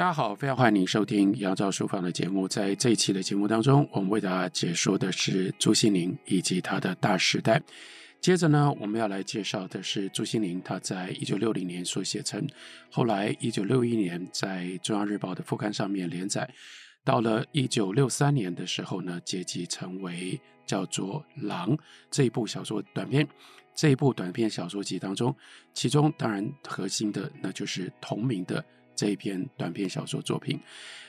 大家好，非常歡迎您收聽楊照書房的節目。在這一期的節目當中，我們為大家解說的是朱西甯以及他的《大時代》。接着呢，我們要來介紹的是朱西甯他在一九六零年所寫成，後來一九六一年在《中央日報》的副刊上面連載，到了一九六三年的時候呢，結集成為叫做《狼》這一部小說短篇，這一部短篇小說集當中，其中當然核心的那就是同名的。這一篇短篇小說作品，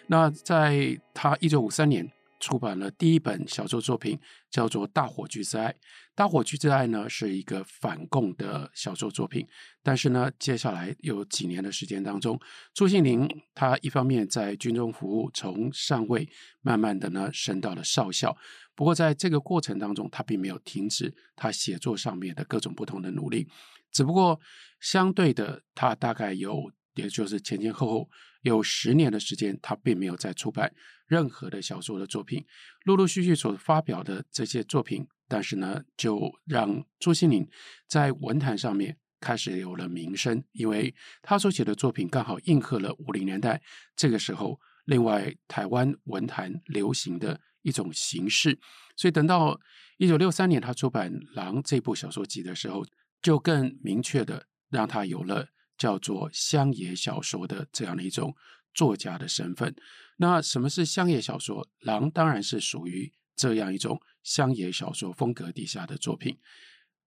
那在他一九五三年出版了第一本小說作品，叫做《大火炬之愛》。《大火炬之愛》呢是一個反共的小說作品，但是呢，接下來有幾年的時間當中，朱西甯他一方面在軍中服務，從上尉慢慢的呢升到了少校。不過在這個過程當中，他並沒有停止他寫作上面的各種不同的努力，只不過相對的，他大概有。也就是前前後後有十年的時間，他並沒有再出版任何的小說的作品。陸陸續續所發表的這些作品，但是呢，就讓朱西甯在文壇上面開始有了名聲，因為他所寫的作品剛好應和了五零年代這個時候另外台灣文壇流行的一種形式。所以等到一九六三年他出版《狼》這部小說集的時候，就更明確的讓他有了。叫做鄉野小說的這樣的一種作家的身份。那什麼是鄉野小說？狼當然是屬於這樣一種鄉野小說風格底下的作品。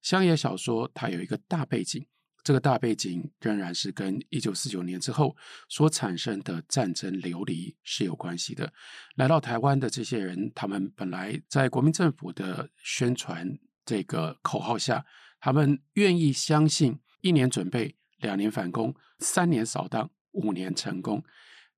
鄉野小說它有一個大背景，這個大背景仍然是跟一九四九年之後所產生的戰爭流離是有關係的。來到台灣的這些人，他們本來在國民政府的宣傳這個口號下，他們願意相信一年準備，兩年反攻，三年掃蕩，五年成功；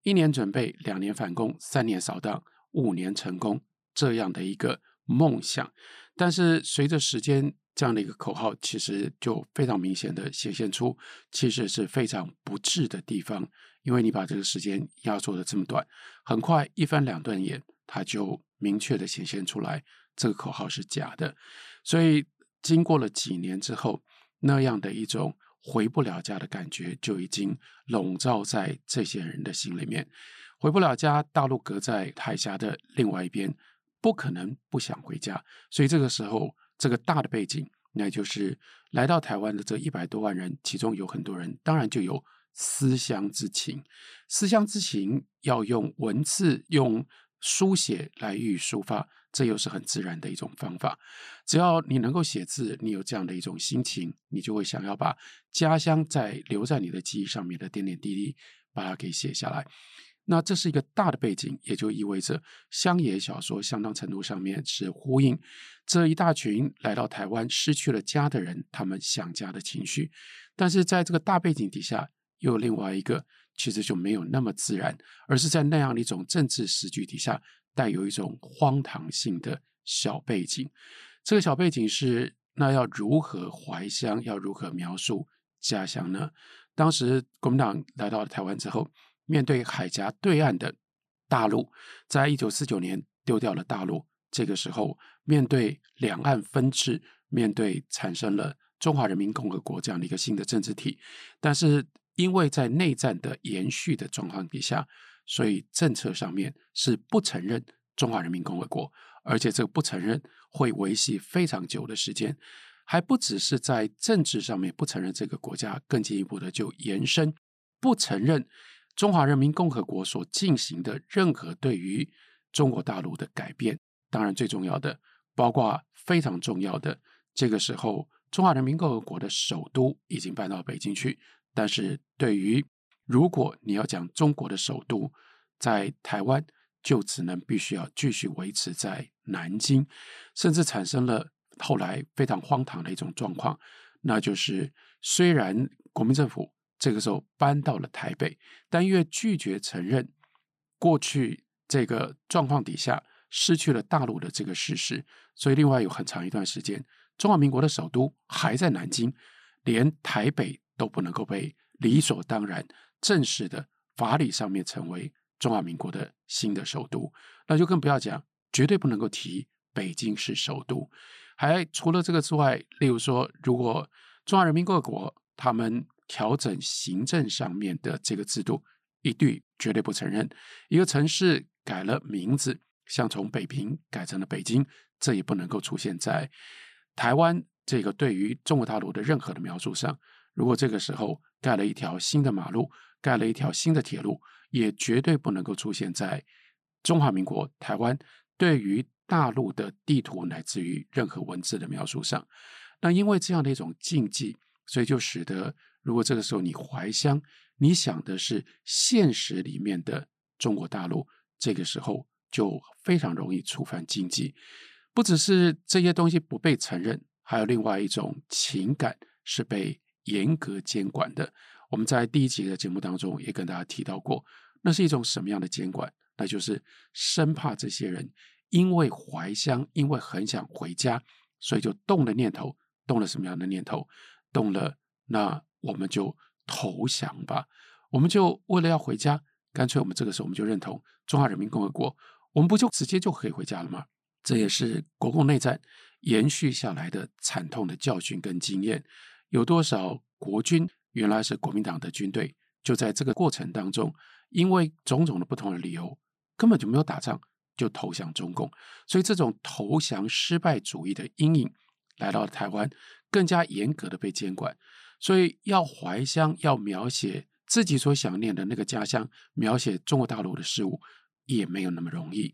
一年準備，兩年反攻，三年掃蕩，五年成功，這樣的一個夢想。但是隨着時間，這樣的一個口號其實就非常明顯的顯現出，其實是非常不智的地方。因為你把這個時間壓縮的這麼短，很快一翻兩瞪眼，它就明確的顯現出來，這個口號是假的。所以經過了幾年之後，那樣的一種。回不了家的感覺就已經籠罩在這些人的心裡面。回不了家，大陸隔在海峽的另外一邊，不可能不想回家。所以這個時候，這個大的背景，那就是來到台灣的這一百多萬人，其中有很多人，當然就有思鄉之情。思鄉之情要用文字、用書寫來予以抒發。這又是很自然的一種方法，只要你能夠寫字，你有這樣的一種心情，你就會想要把家鄉在留在你的記憶上面的點點滴滴，把它給寫下來。那這是一個大的背景，也就意味着鄉野小說相當程度上面是呼應這一大群來到台灣失去了家的人，他們想家的情緒。但是在這個大背景底下，又有另外一個其實就沒有那麼自然，而是在那樣的一種政治時局底下。帶有一種荒唐性的小背景，這個小背景是：那要如何懷鄉？要如何描述家鄉呢？當時國民黨來到了台灣之後，面對海峽對岸的大陸，在一九四九年丟掉了大陸。這個時候，面對兩岸分治，面對產生了中華人民共和國這樣的一個新的政治體，但是因為在內戰的延續的狀況底下。所以政策上面是不承認中華人民共和國，而且這個不承認會維繫非常久的時間，還不只是在政治上面不承認這個國家，更進一步的就延伸不承認中華人民共和國所進行的任何對於中國大陸的改變。當然，最重要的，包括非常重要的，這個時候中華人民共和國的首都已經搬到北京去，但是對於。如果你要講中國的首都在台灣，就只能必須要繼續維持在南京，甚至產生了後來非常荒唐的一種狀況，那就是雖然國民政府這個時候搬到了台北，但因為拒絕承認過去這個狀況底下失去了大陸的這個事實，所以另外有很長一段時間，中華民國的首都還在南京，連台北都不能夠被理所當然。正式的法理上面成為中華民國的新的首都，那就更不要講，絕對不能夠提北京是首都。還除了這個之外，例如說，如果中華人民共和國他們調整行政上面的這個制度，一律絕對不承認一個城市改了名字，像從北平改成了北京，這也不能夠出現在台灣這個對於中國大陸的任何的描述上。如果這個時候，蓋了一條新的馬路，蓋了一條新的鐵路，也絕對不能夠出現在中華民國台灣對於大陸的地圖乃至於任何文字的描述上。那因為這樣的一種禁忌，所以就使得如果這個時候你懷鄉，你想的是現實裡面的中國大陸，這個時候就非常容易觸犯禁忌。不只是這些東西不被承認，還有另外一種情感是被嚴格監管的，我們在第一集的節目當中也跟大家提到過，那是一種什麼樣的監管？那就是生怕這些人因為懷鄉，因為很想回家，所以就動了念頭，動了什麼樣的念頭？動了，那我們就投降吧，我們就為了要回家，乾脆我們這個時候我們就認同中華人民共和國，我們不就直接就可以回家了嗎？這也是國共內戰延續下來的慘痛的教訓跟經驗。有多少國軍，原來是國民黨的軍隊，就在這個過程當中，因為種種的不同的理由，根本就沒有打仗，就投降中共。所以，這種投降失敗主義的陰影來到了台灣，更加嚴格的被監管。所以，要懷鄉，要描寫自己所想念的那個家鄉，描寫中國大陸的事物，也沒有那麼容易。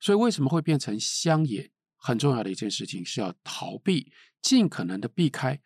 所以，為什麼會變成鄉野？很重要的一件事情是要逃避，盡可能的避開。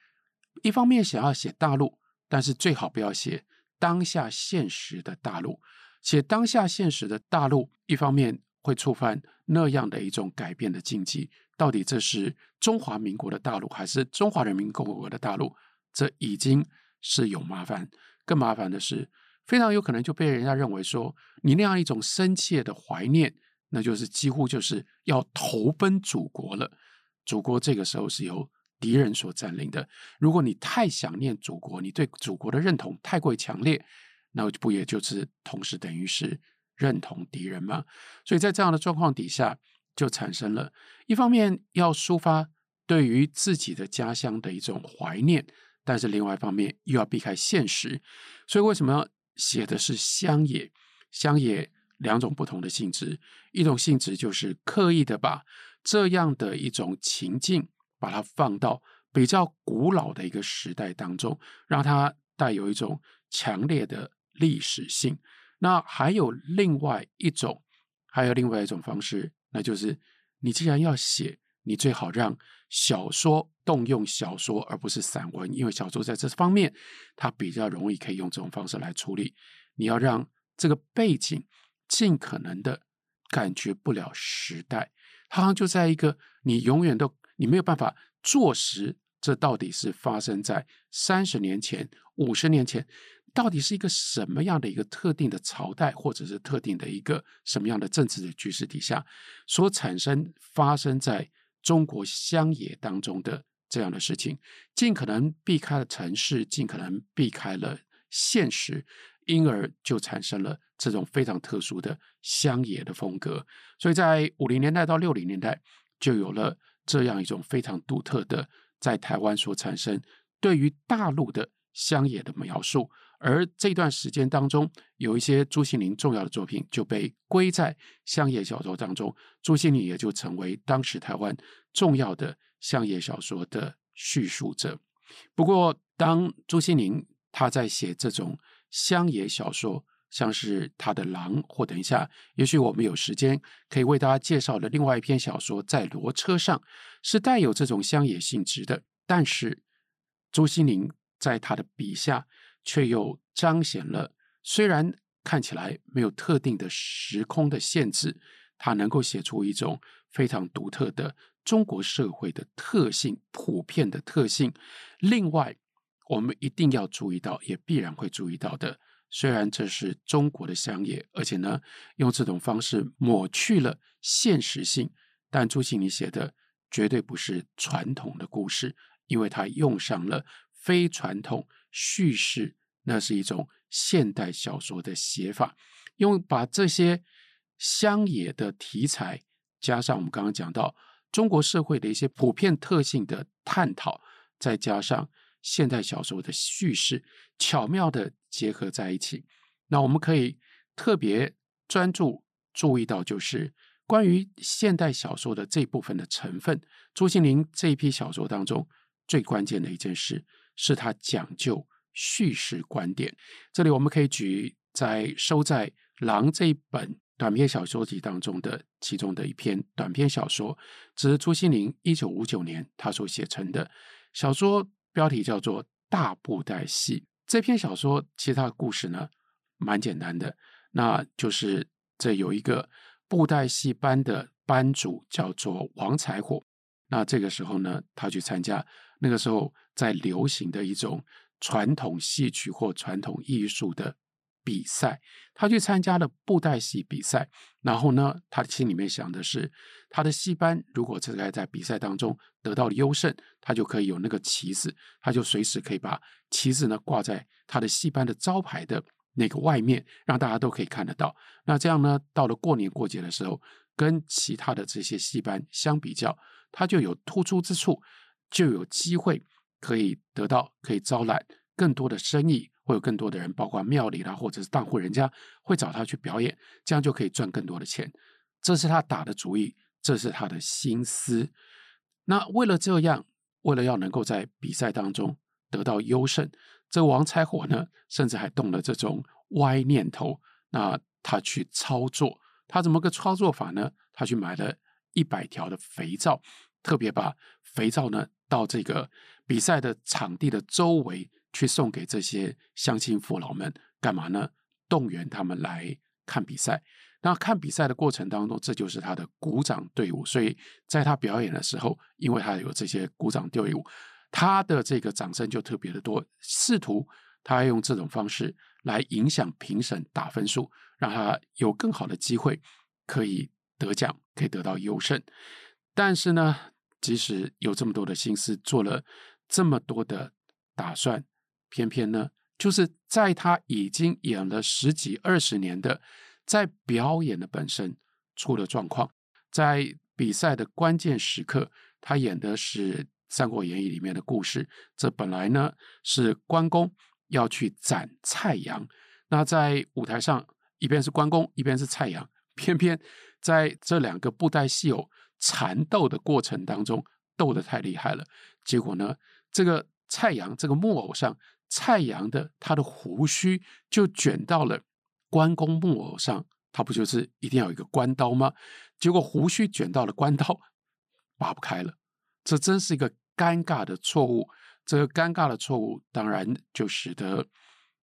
一方面想要寫大陸，但是最好不要寫當下現實的大陸。寫當下現實的大陸，一方面會觸犯那樣的一種改變的禁忌。到底這是中華民國的大陸，還是中華人民共和國的大陸？這已經是有麻煩。更麻煩的是，非常有可能就被人家認為說，你那樣一種深切的懷念，那就是幾乎就是要投奔祖國了。祖國這個時候是由敵人所佔領的。如果你太想念祖國，你對祖國的認同太過於強烈，那不也就是同時等於是認同敵人嗎？所以在這樣的狀況底下，就產生了一方面要抒發對於自己的家鄉的一種懷念，但是另外一方面又要避開現實。所以為什麼要寫的是鄉野？鄉野兩種不同的性質，一種性質就是刻意的把這樣的一種情境。把它放到比較古老的一個時代當中，讓它帶有一種強烈的歷史性。那還有另外一種，還有另外一種方式，那就是你既然要寫，你最好讓小說動用小說，而不是散文，因為小說在這方面它比較容易可以用這種方式來處理。你要讓這個背景盡可能的感覺不了時代，它好像就在一個你永遠都。你沒有辦法坐實這到底是發生在三十年前、五十年前，到底是一個什麼樣的一個特定的朝代，或者是特定的一個什麼樣的政治的局勢底下，所產生發生在中國鄉野當中的這樣的事情，盡可能避開了城市，盡可能避開了現實，因而就產生了這種非常特殊的鄉野的風格。所以在五零年代到六零年代，就有了。這樣一種非常獨特的，在台灣所產生對於大陸的鄉野的描述，而這段時間當中，有一些朱西甯重要的作品就被歸在鄉野小說當中，朱西甯也就成為當時台灣重要的鄉野小說的敘述者。不過，當朱西甯他在寫這種鄉野小說。像是他的《狼》，或等一下，也許我們有時間可以為大家介紹的另外一篇小說《在騾車上》，是帶有這種鄉野性質的。但是，朱西寧在他的筆下，卻又彰顯了雖然看起來沒有特定的時空的限制，他能夠寫出一種非常獨特的中國社會的特性、普遍的特性。另外，我們一定要注意到，也必然會注意到的。雖然這是中國的鄉野，而且呢，用這種方式抹去了現實性，但朱西甯寫的絕對不是傳統的故事，因為他用上了非傳統敘事，那是一種現代小說的寫法，用把這些鄉野的題材，加上我們剛剛講到中國社會的一些普遍特性的探討，再加上。現代小說的敘事巧妙地結合在一起，那我們可以特別專注注意到，就是關於現代小說的這一部分的成分。朱西甯這一批小說當中，最關鍵的一件事是他講究敘事觀點。這裡我們可以舉在收在《狼》這一本短篇小說集當中的其中的一篇短篇小說，指朱西甯一九五九年他所寫成的小說。標題叫做《大布袋戲》這篇小說，其實它的故事呢，蠻簡單的。那就是這有一個布袋戲班的班主叫做王財火，那這個時候呢，他去參加那個時候在流行的一種傳統戲曲或傳統藝術的。比賽，他去參加了布袋戲比賽，然後呢，他的心裡面想的是，他的戲班如果能夠在比賽當中得到了優勝，他就可以有那個旗子，他就隨時可以把旗子呢掛在他的戲班的招牌的那個外面，讓大家都可以看得到。那這樣呢，到了過年過節的時候，跟其他的這些戲班相比較，他就有突出之處，就有機會可以得到，可以招攬更多的生意。會有更多的人，包括廟裡啦，或者是大戶人家，會找他去表演，這樣就可以賺更多的錢。這是他打的主意，這是他的心思。那為了這樣，為了要能夠在比賽當中得到優勝，這個王才火呢，甚至還動了這種歪念頭。那他去操作，他怎麼個操作法呢？他去買了一百條的肥皂，特別把肥皂呢到這個比賽的場地的周圍。去送給這些鄉親父老們幹嘛呢？動員他們來看比賽。那看比賽的過程當中，這就是他的鼓掌隊伍。所以在他表演的時候，因為他有這些鼓掌隊伍，他的這個掌聲就特別的多。試圖他用這種方式來影響評審打分數，讓他有更好的機會可以得獎，可以得到優勝。但是呢，即使有這麼多的心思，做了這麼多的打算。偏偏呢，就是在他已經演了十幾二十年的，在表演的本身出了狀況，在比賽的關鍵時刻，他演的是《三國演義》裡面的故事。這本來呢是關公要去斬蔡陽，那在舞台上一邊是關公，一邊是蔡陽。偏偏在這兩個布袋戲偶纏鬥的過程當中，鬥得太厲害了，結果呢，這個蔡陽這個木偶上。蔡陽的他的鬍鬚就捲到了關公木偶上，他不就是一定要有一個關刀嗎？結果鬍鬚捲到了關刀，拔不開了，這真是一個尷尬的錯誤。這個尷尬的錯誤當然就使得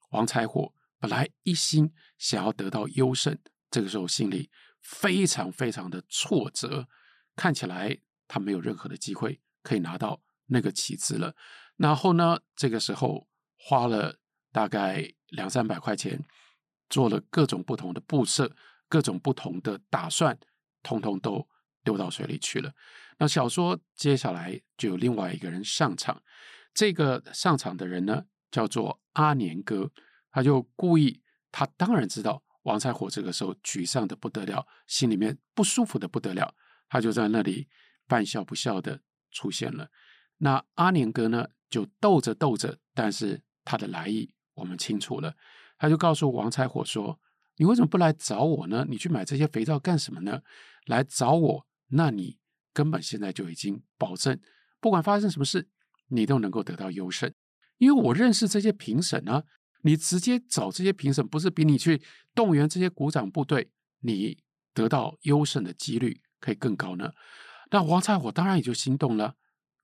王柴火本來一心想要得到優勝，這個時候心裡非常非常的挫折，看起來他沒有任何的機會可以拿到那個旗幟了。然後呢，這個時候。花了大概兩三百塊錢，做了各種不同的布設，各種不同的打算，通通都丟到水裡去了。那小說接下來就有另外一個人上場，這個上場的人呢，叫做阿年哥，他就故意，他當然知道王彩火這個時候沮喪的不得了，心裡面不舒服的不得了，他就在那裡半笑不笑的出現了。那阿年哥呢就鬥着鬥着，但是。他的來意我們清楚了，他就告訴王才火說：“你為什麼不來找我呢？你去買這些肥皂幹什麼呢？來找我，那你根本現在就已經保證，不管發生什麼事，你都能夠得到優勝，因為我認識這些評審呢、啊，你直接找這些評審，不是比你去動員這些鼓掌部隊，你得到優勝的幾率可以更高呢？那王才火當然也就心動了，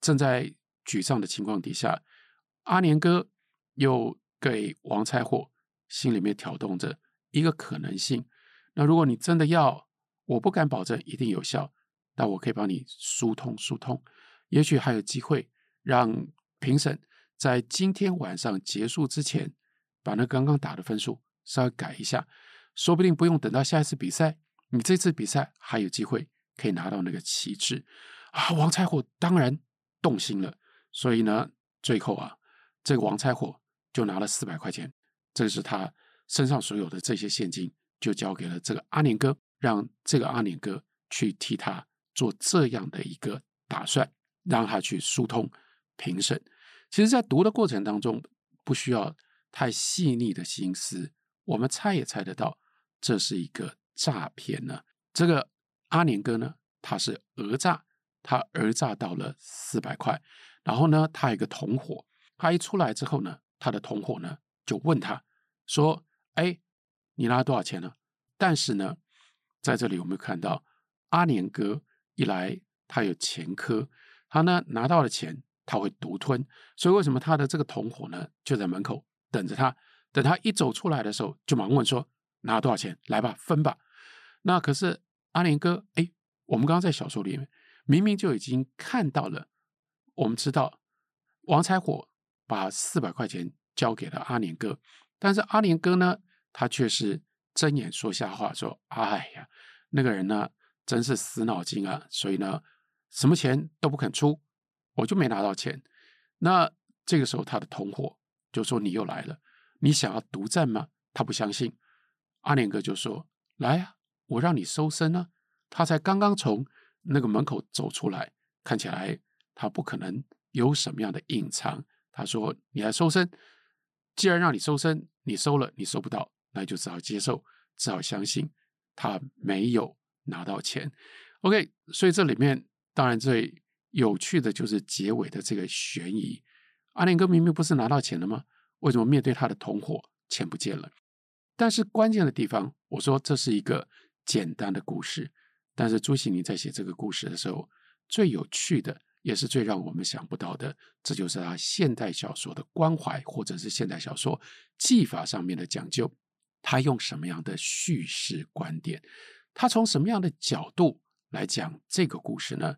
正在沮喪的情況底下，阿年哥。”又給王財貨心裡面挑動着一個可能性。那如果你真的要，我不敢保證一定有效，但我可以幫你疏通疏通，也許還有機會讓評審在今天晚上結束之前，把那剛剛打的分數稍微改一下，說不定不用等到下一次比賽，你這次比賽還有機會可以拿到那個旗幟啊！王財貨當然動心了，所以呢，最後啊，這個王財貨。就拿了四百塊錢，這是他身上所有的這些現金，就交給了這個阿年哥，讓這個阿年哥去替他做這樣的一個打算，讓他去疏通評審。其實，在讀的過程當中，不需要太細膩的心思，我們猜也猜得到，這是一個詐騙呢。這個阿年哥呢，他是訛詐，他訛詐到了四百塊，然後呢，他有一個同夥，他一出來之後呢。他的同夥呢，就問他，說：“哎，你拿了多少錢呢？”但是呢，在這裡我們看到，阿聯哥一來，他有前科，他呢拿到了錢，他會獨吞。所以為什麼他的這個同夥呢，就在門口等着他？等他一走出來的時候，就忙問說：“拿了多少錢？來吧，分吧。”那可是阿聯哥，哎，我們剛剛在小說裡面明明就已經看到了，我們知道王財火。把四百塊錢交給了阿年哥，但是阿年哥呢，他卻是睜眼說瞎話，說：“哎呀，那個人呢，真是死腦筋啊！所以呢，什麼錢都不肯出，我就沒拿到錢。”那這個時候，他的同伙就說：“你又來了，你想要獨占嗎？”他不相信，阿年哥就說：“來呀，啊，我讓你搜身啊！”他才剛剛從那個門口走出來，看起來他不可能有什麼樣的隱藏。他說：“你來搜身，既然讓你搜身，你搜了你搜不到，那就只好接受，只好相信他沒有拿到錢。”OK，所以這裡面當然最有趣的就是結尾的這個懸疑。阿林哥明明不是拿到錢了嗎？為什麼面對他的同夥，錢不見了？但是關鍵的地方，我說這是一個簡單的故事，但是朱西甯在寫這個故事的時候，最有趣的。也是最讓我們想不到的，這就是他現代小說的關懷，或者是現代小說技法上面的講究。他用什麼樣的敘事觀點？他從什麼樣的角度來講這個故事呢？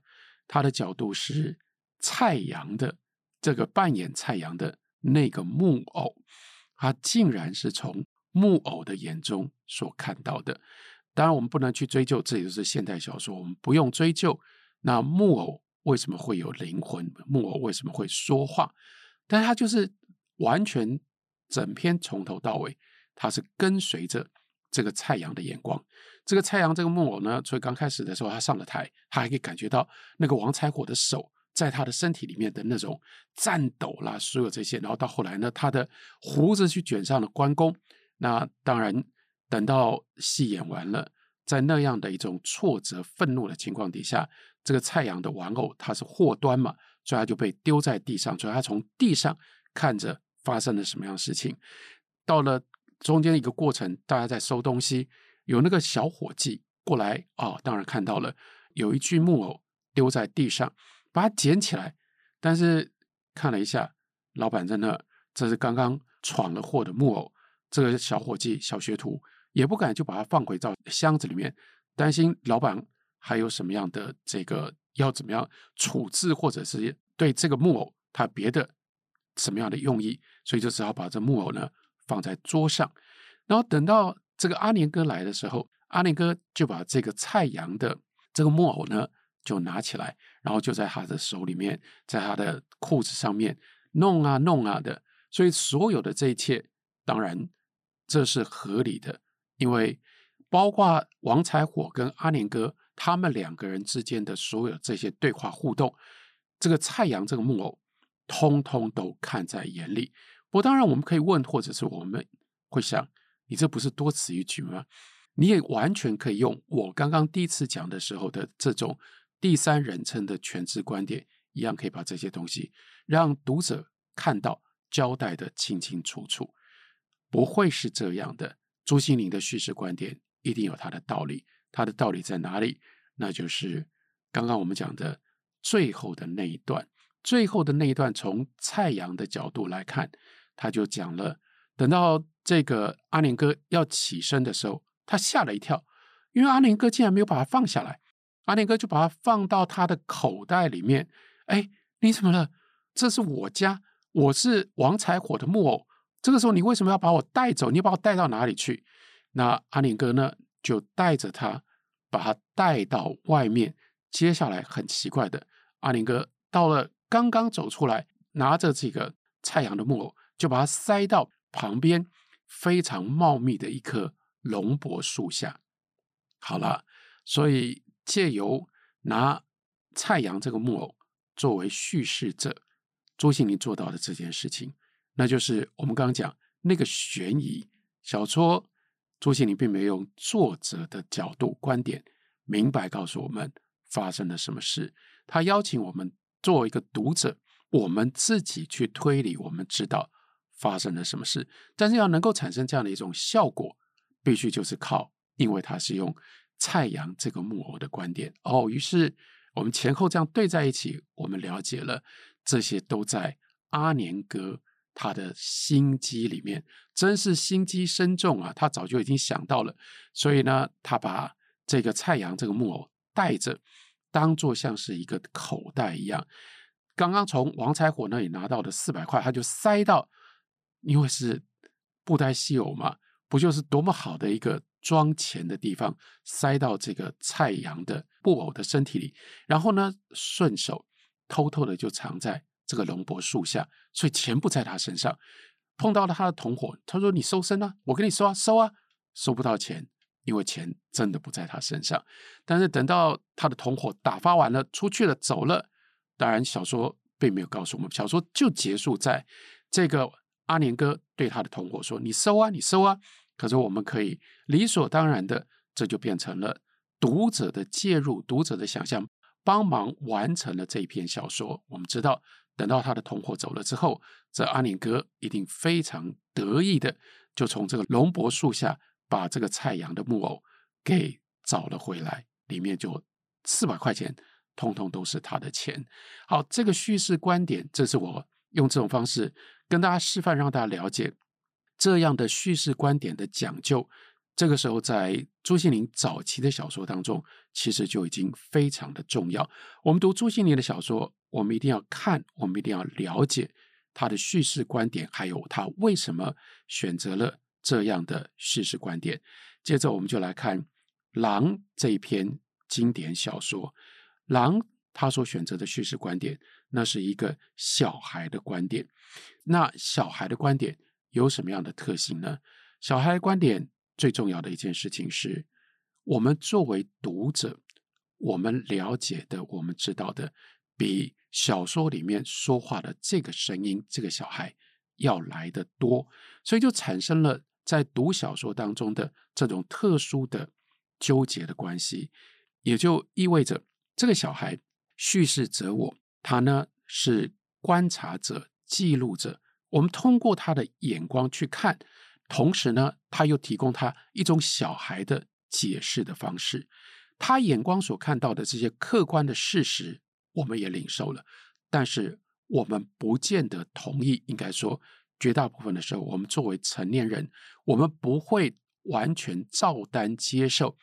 他的角度是蔡陽的，這個扮演蔡陽的那個木偶，他竟然是從木偶的眼中所看到的。當然，我們不能去追究，這也就是現代小說，我們不用追究。那木偶，為什麼會有靈魂？木偶為什麼會說話？但他就是完全整篇從頭到尾，他是跟隨着這個蔡陽的眼光。這個蔡陽，這個木偶呢，所以剛開始的時候，他上了臺，他還可以感覺到那個王柴火的手在他的身體裡面的那種顫抖啦、啊，所有這些。然後到後來呢，他的鬍子去捲上了關公。那當然，等到戲演完了，在那樣的一種挫折、憤怒的情況底下。這個蔡陽的玩偶，他是禍端嘛，所以他就被丟在地上。所以他從地上看着發生了什麼樣的事情。到了中間一個過程，大家在收東西，有那個小伙計過來啊、哦，當然看到了有一具木偶丟在地上，把它撿起來，但是看了一下，老板在那，這是剛剛闖了禍的木偶。這個小伙計小學徒也不敢就把它放回到箱子裡面，擔心老板。還有什麼樣的這個要怎麼樣處置，或者是對這個木偶他別的什麼樣的用意？所以就只好把這木偶呢放在桌上，然後等到這個阿年哥來的時候，阿年哥就把這個蔡陽的這個木偶呢就拿起來，然後就在他的手裡面，在他的褲子上面弄啊弄啊的。所以所有的這一切，當然這是合理的，因為包括王采火跟阿年哥。他們兩個人之間的所有這些對話互動，這個蔡陽這個木偶，通通都看在眼裡。不過當然我們可以問，或者是我們會想，你這不是多此一舉嗎？你也完全可以用我剛剛第一次講的時候的這種第三人稱的全知觀點，一樣可以把這些東西讓讀者看到，交代得清清楚楚。不會是這樣的。朱西甯的敘事觀點一定有他的道理。他的道理在哪裡？那就是剛剛我們講的最後的那一段。最後的那一段，從蔡陽的角度來看，他就講了：等到這個阿林哥要起身的時候，他嚇了一跳，因為阿林哥竟然沒有把他放下來。阿林哥就把他放到他的口袋裡面。哎、欸，你怎麼了？這是我家，我是王柴火的木偶。這個時候，你為什麼要把我帶走？你要把我帶到哪裡去？那阿林哥呢？就帶着他，把他帶到外面。接下來很奇怪的，阿林哥到了，剛剛走出來，拿着這個蔡陽的木偶，就把它塞到旁邊非常茂密的一棵龍柏樹下。好了，所以借由拿蔡陽這個木偶作為敘事者，朱西甯做到的這件事情，那就是我們剛講那個懸疑小說。朱西甯並沒有用作者的角度觀點，明白告訴我們發生了什麼事。他邀請我們做一個讀者，我們自己去推理，我們知道發生了什麼事。但是要能夠產生這樣的一種效果，必須就是靠，因為他是用蔡陽這個木偶的觀點哦。於是我們前後這樣對在一起，我們了解了這些都在阿年歌。他的心機裡面真是心機深重啊！他早就已經想到了，所以呢，他把這個蔡陽這個木偶帶着，當做像是一個口袋一樣，剛剛從王財火那裡拿到的四百塊，他就塞到，因為是布袋戲偶嘛，不就是多麼好的一個裝錢的地方？塞到這個蔡陽的布偶的身體裡，然後呢，順手偷偷的就藏在。這個龍柏樹下，所以錢不在他身上。碰到了他的同夥，他說：“你搜身啊！”我跟你說、啊：“搜啊，搜不到錢，因為錢真的不在他身上。”但是等到他的同夥打發完了，出去了，走了。當然，小說並沒有告訴我們，小說就結束在這個阿年哥對他的同夥說：“你搜啊，你搜啊。”可是我們可以理所當然的，這就變成了讀者的介入，讀者的想象，幫忙完成了這一篇小說。我們知道。等到他的同夥走了之後，這阿林哥一定非常得意的，就從這個龍柏樹下把這個蔡陽的木偶給找了回來，裡面就四百塊錢，通通都是他的錢。好，這個敘事觀點，這是我用這種方式跟大家示範，讓大家了解這樣的敘事觀點的講究。這個時候，在朱西甯早期的小說當中，其實就已經非常的重要。我們讀朱西甯的小說，我們一定要看，我們一定要了解他的敘事觀點，還有他為什麼選擇了這樣的敘事觀點。接着，我們就來看《狼》這一篇經典小說，《狼》他所選擇的敘事觀點，那是一個小孩的觀點。那小孩的觀點有什麼樣的特性呢？小孩的觀點。最重要的一件事情是，我們作為讀者，我們了解的、我們知道的，比小說裡面說話的這個聲音、這個小孩要來得多，所以就產生了在讀小說當中的這種特殊的糾結的關係。也就意味着，這個小孩敘事者我，他呢是觀察者、記錄者，我們通過他的眼光去看。同時呢，他又提供他一種小孩的解釋的方式。他眼光所看到的這些客觀的事實，我們也領受了，但是我們不見得同意。應該說，絕大部分的時候，我們作為成年人，我們不會完全照單接受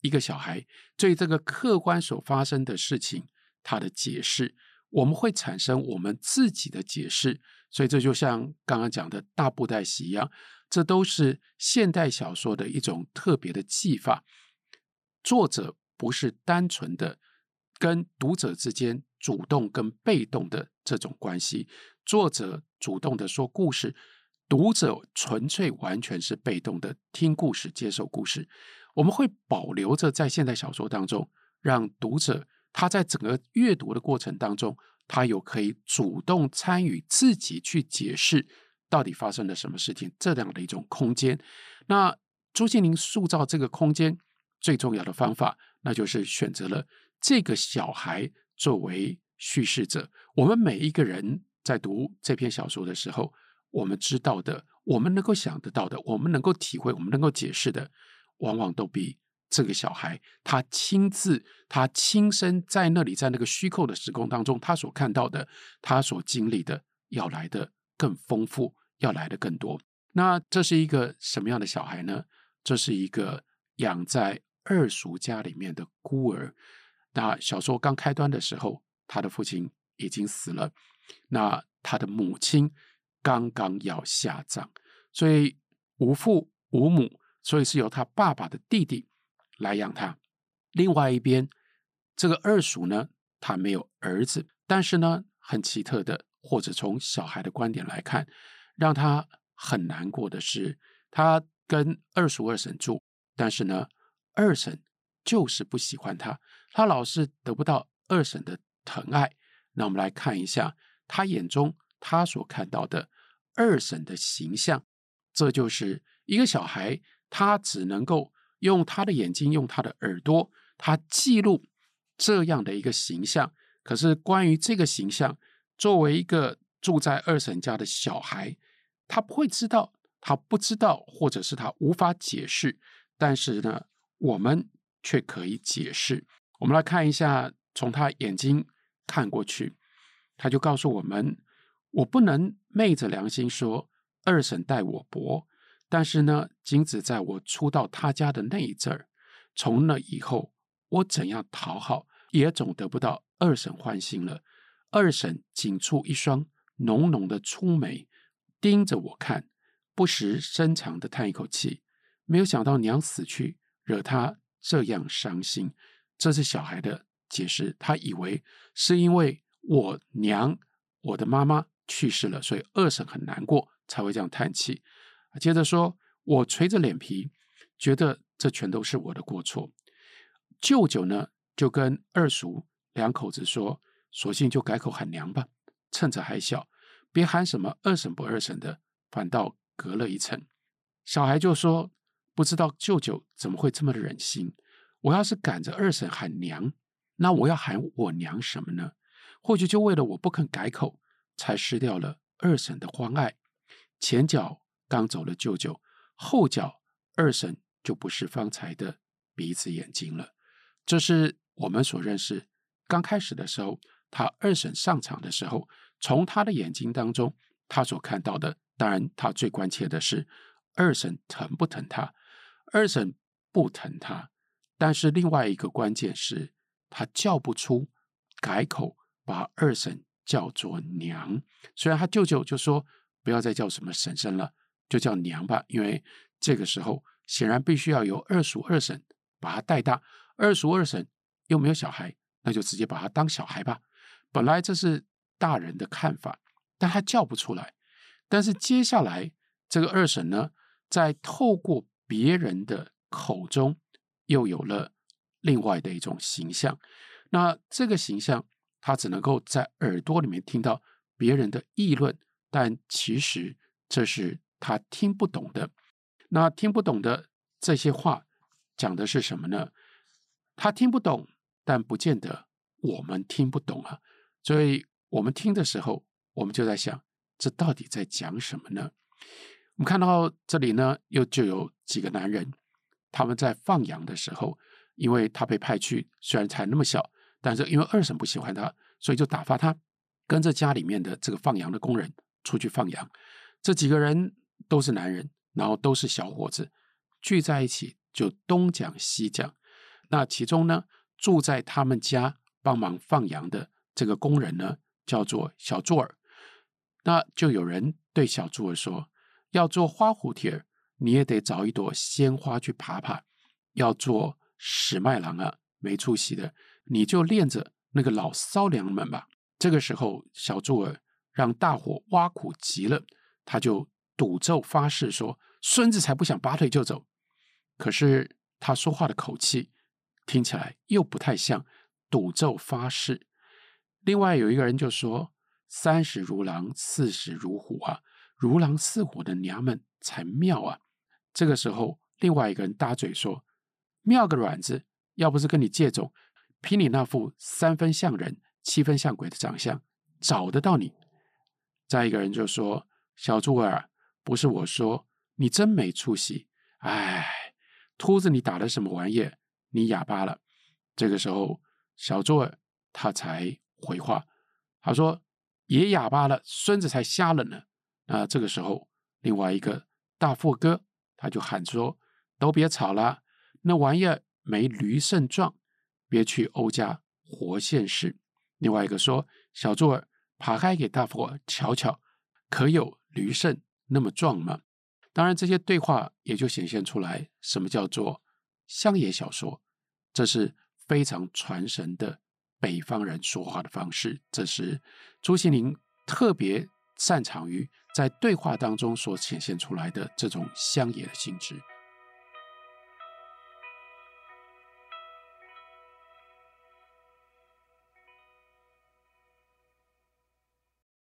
一個小孩對這個客觀所發生的事情他的解釋。我們會產生我們自己的解釋。所以這就像剛剛講的大布袋戲一樣。這都是現代小說的一種特別的技法。作者不是單純的跟讀者之間主動跟被動的這種關係，作者主動的說故事，讀者純粹完全是被動的聽故事、接受故事。我們會保留着在現代小說當中，讓讀者他在整個閱讀的過程當中，他有可以主動參與自己去解釋，到底發生了什麼事情？這樣的一種空間，那朱西甯塑造這個空間最重要的方法，那就是選擇了這個小孩作為敘事者。我們每一個人在讀這篇小說的時候，我們知道的，我們能夠想得到的，我們能夠體會，我們能夠解釋的，往往都比這個小孩他親自、他親身在那裡，在那個虛構的時空當中，他所看到的、他所經歷的，要來得更豐富。要來得更多。那這是一個什麼樣的小孩呢？這是一個養在二叔家裡面的孤兒。那小說剛開端的時候，他的父親已經死了，那他的母親剛剛要下葬，所以無父無母，所以是由他爸爸的弟弟來養他。另外一邊，這個二叔呢，他沒有兒子，但是呢，很奇特的，或者從小孩的觀點來看。讓他很難過的是，他跟二叔二嬸住，但是呢，二嬸就是不喜歡他，他老是得不到二嬸的疼愛。那我們來看一下他眼中他所看到的二嬸的形象，這就是一個小孩，他只能夠用他的眼睛、用他的耳朵，他記錄這樣的一個形象。可是關於這個形象，作為一個。住在二嬸家的小孩，他不會知道，他不知道，或者是他無法解釋。但是呢，我們卻可以解釋。我們來看一下，從他眼睛看過去，他就告訴我們：“我不能昧着良心說二嬸待我薄，但是呢，僅止在我初到他家的那一陣兒，從那以後，我怎樣討好，也總得不到二嬸歡心了。二嬸僅出一雙。”濃濃的粗眉盯着我看，不時深長的嘆一口氣。沒有想到娘死去，惹她這樣傷心。這是小孩的解釋，她以為是因為我娘，我的媽媽去世了，所以二嬸很難過，才會這樣嘆氣。接着說，我垂着臉皮，覺得這全都是我的過錯。舅舅呢，就跟二叔兩口子說，索性就改口喊娘吧。趁着還小，別喊什麼二嬸不二嬸的，反倒隔了一層。小孩就說：“不知道舅舅怎麼會這麼的忍心。我要是趕着二嬸喊娘，那我要喊我娘什麼呢？或許就為了我不肯改口，才失掉了二嬸的歡愛。前腳剛走了舅舅，後腳二嬸就不是方才的鼻子眼睛了。這是我們所認識，剛開始的時候。”他二嬸上場的時候，從他的眼睛當中，他所看到的，當然他最關切的是二嬸疼不疼他。二嬸不疼他，但是另外一個關鍵是，他叫不出改口，把二嬸叫做娘。雖然他舅舅就說不要再叫什麼嬸嬸了，就叫娘吧。因為這個時候顯然必須要由二叔二嬸把他帶大。二叔二嬸又沒有小孩，那就直接把他當小孩吧。本來這是大人的看法，但他叫不出來。但是接下來這個二嬸呢，在透過別人的口中，又有了另外的一種形象。那這個形象，他只能夠在耳朵裡面聽到別人的議論，但其實這是他聽不懂的。那聽不懂的這些話，講的是什麼呢？他聽不懂，但不見得我們聽不懂啊。所以我們聽的時候，我們就在想，這到底在講什麼呢？我們看到這裡呢，又就有幾個男人，他們在放羊的時候，因為他被派去，雖然才那麼小，但是因為二嬸不喜歡他，所以就打發他跟着家裡面的這個放羊的工人出去放羊。這幾個人都是男人，然後都是小伙子，聚在一起就東講西講。那其中呢，住在他們家幫忙放羊的，這個工人呢，叫做小豬兒，那就有人對小豬兒說：“要做花蝴蝶，你也得找一朵鮮花去爬爬；要做屎殼郎啊，沒出息的，你就戀著那個老騷娘們吧。”這個時候，小豬兒讓大夥挖苦極了。他就賭咒發誓說：“孫子才不想拔腿就走。”可是他說話的口氣聽起來又不太像賭咒發誓。另外有一個人就說：“三十如狼，四十如虎啊，如狼似虎的娘們才妙啊！”這個時候，另外一個人搭嘴說：“妙個卵子，要不是跟你借種，憑你那副三分像人、七分像鬼的長相，找得到你？”再一個人就說：“小豬兒，不是我說，你真沒出息！哎，禿子，你打的什麼玩意？你啞巴了？”這個時候，小豬兒他才。回話，他說：“爺啞巴了，孫子才瞎了呢。”那這個時候，另外一個大富哥他就喊說：“都別吵了，那玩意兒沒驢腎壯，別去歐家活現世。”另外一個說：“小豬兒，爬開，給大夥瞧瞧，可有驢腎那麼壯嗎？”當然，這些對話也就顯現出來，什麼叫做鄉野小說，這是非常傳神的。北方人說話的方式，這時朱西甯特別擅長於在對話當中所顯現出來的這種鄉野的性質。